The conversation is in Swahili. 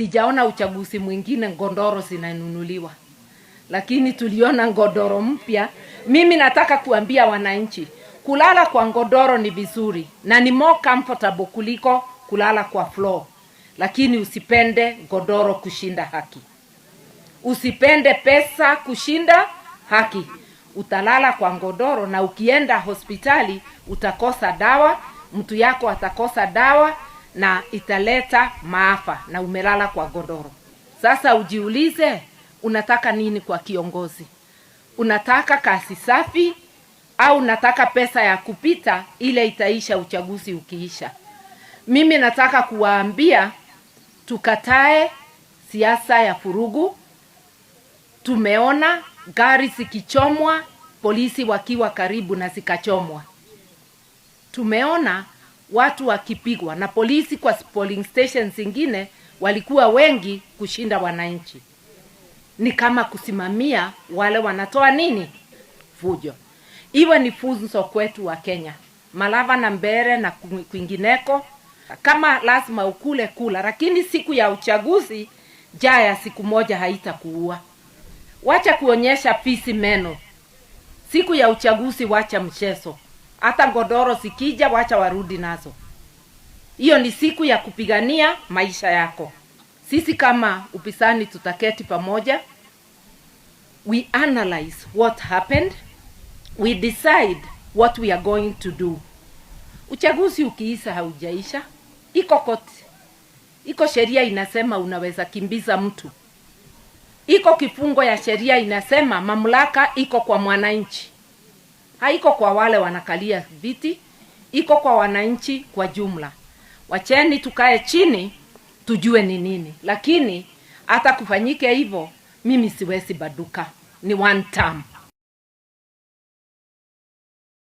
Sijaona uchaguzi mwingine ngondoro zinanunuliwa, lakini tuliona ngondoro mpya. Mimi nataka kuambia wananchi, kulala kwa ngondoro ni vizuri na ni more comfortable kuliko kulala kwa floor, lakini usipende ngondoro kushinda haki, usipende pesa kushinda haki. Utalala kwa ngondoro na ukienda hospitali utakosa dawa, mtu yako atakosa dawa na italeta maafa na umelala kwa godoro sasa ujiulize unataka nini kwa kiongozi unataka kasi safi au nataka pesa ya kupita ile itaisha uchaguzi ukiisha mimi nataka kuwaambia tukatae siasa ya furugu tumeona gari zikichomwa polisi wakiwa karibu na zikachomwa tumeona watu wakipigwa na polisi kwa polling stations zingine walikuwa wengi kushinda wananchi ni kama kusimamia wale wanatoa nini fujo iwe ni funzo kwetu wa kenya malava na mbere na kwingineko kama lazima ukule kula lakini siku ya uchaguzi jaa ya siku moja haitakuua wacha kuonyesha fisi meno siku ya uchaguzi wacha mchezo hata godoro zikija wacha warudi nazo hiyo ni siku ya kupigania maisha yako sisi kama upisani tutaketi pamoja we analyze what happened we decide what we are going to do uchaguzi ukiisa haujaisha iko koti iko sheria inasema unaweza kimbiza mtu iko kifungo ya sheria inasema mamlaka iko kwa mwananchi haiko kwa wale wanakalia viti iko kwa wananchi kwa jumla wacheni tukae chini tujue ni nini lakini hata kufanyike hivyo mimi siwezi baduka ni one time.